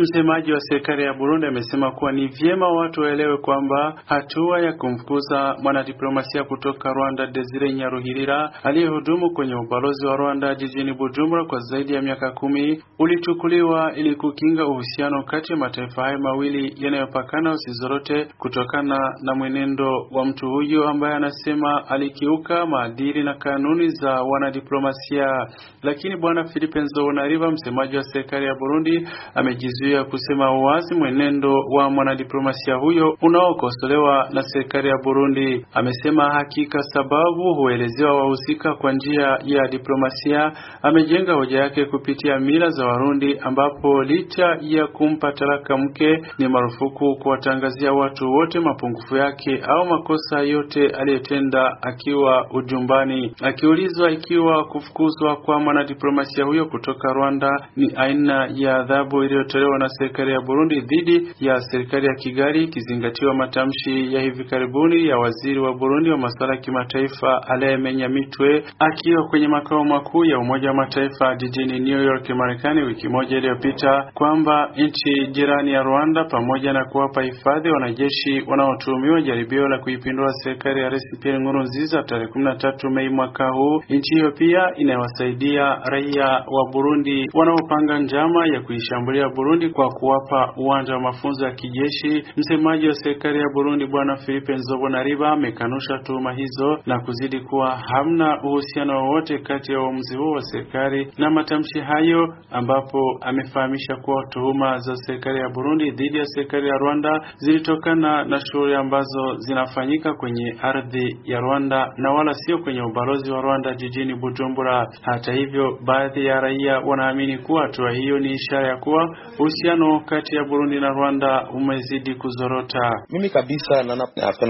Msemaji wa serikali ya Burundi amesema kuwa ni vyema watu waelewe kwamba hatua ya kumfukuza mwanadiplomasia kutoka Rwanda Desire Nyaruhirira aliyehudumu kwenye ubalozi wa Rwanda jijini Bujumbura kwa zaidi ya miaka kumi ulichukuliwa ili kukinga uhusiano kati ya mataifa hayo mawili yanayopakana usizorote kutokana na mwenendo wa mtu huyu ambaye anasema alikiuka maadili na kanuni za wanadiplomasia. Lakini bwana Philippe Nzobonariba, msemaji wa serikali ya Burundi, amejizuia imekusudia kusema wazi mwenendo wa mwanadiplomasia huyo unaokosolewa na serikali ya Burundi. Amesema hakika sababu huelezewa wahusika kwa njia ya diplomasia. Amejenga hoja yake kupitia mila za Warundi, ambapo licha ya kumpa talaka mke ni marufuku kuwatangazia watu wote mapungufu yake au makosa yote aliyotenda akiwa ujumbani. Akiulizwa ikiwa kufukuzwa kwa mwanadiplomasia huyo kutoka Rwanda ni aina ya adhabu iliyotolewa kutolewa na serikali ya Burundi dhidi ya serikali ya Kigali, ikizingatiwa matamshi ya hivi karibuni ya waziri wa Burundi wa masuala ya kimataifa Alain Menyamitwe akiwa kwenye makao makuu ya Umoja wa Mataifa jijini New York, Marekani, wiki moja iliyopita kwamba nchi jirani ya Rwanda pamoja na kuwapa hifadhi wanajeshi wanaotuhumiwa jaribio la kuipindua serikali ya Rais Pierre Nkurunziza tarehe 13 Mei mwaka huu, nchi hiyo pia inayowasaidia raia wa Burundi wanaopanga njama ya kuishambulia Burundi Burundi kwa kuwapa uwanja wa mafunzo ya kijeshi. Msemaji wa serikali ya Burundi Bwana Filipe Nzobonariba amekanusha tuhuma hizo na kuzidi kuwa hamna uhusiano wowote kati ya uamuzi huo wa serikali na matamshi hayo, ambapo amefahamisha kuwa tuhuma za serikali ya Burundi dhidi ya serikali ya Rwanda zilitokana na shughuli ambazo zinafanyika kwenye ardhi ya Rwanda na wala sio kwenye ubalozi wa Rwanda jijini Bujumbura. Hata hivyo, baadhi ya raia wanaamini kuwa hatua hiyo ni ishara ya kuwa Uhusiano kati ya Burundi na Rwanda umezidi kuzorota. Mimi kabisa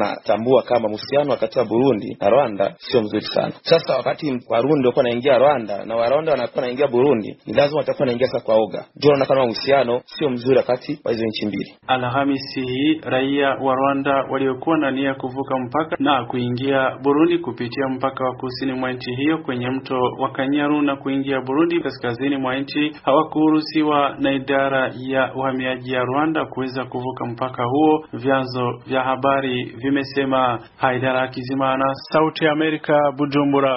natambua na, kama uhusiano kati wa Burundi na Rwanda sio mzuri sana. Sasa wakati Warundi walikuwa naingia Rwanda na Warwanda wanakuwa naingia Burundi, ni lazima watakuwa naingia sasa kwa oga. Ndio naona kama uhusiano sio mzuri wakati wa hizo nchi mbili. Alhamisi hii raia wa Rwanda waliokuwa na nia kuvuka mpaka na kuingia Burundi kupitia mpaka wa kusini mwa nchi hiyo kwenye mto wa Kanyaru na kuingia Burundi kaskazini mwa nchi hawakuruhusiwa na idara ya uhamiaji ya Rwanda kuweza kuvuka mpaka huo, vyanzo vya habari vimesema. Haidara Kizimana, Sauti ya Amerika, Bujumbura.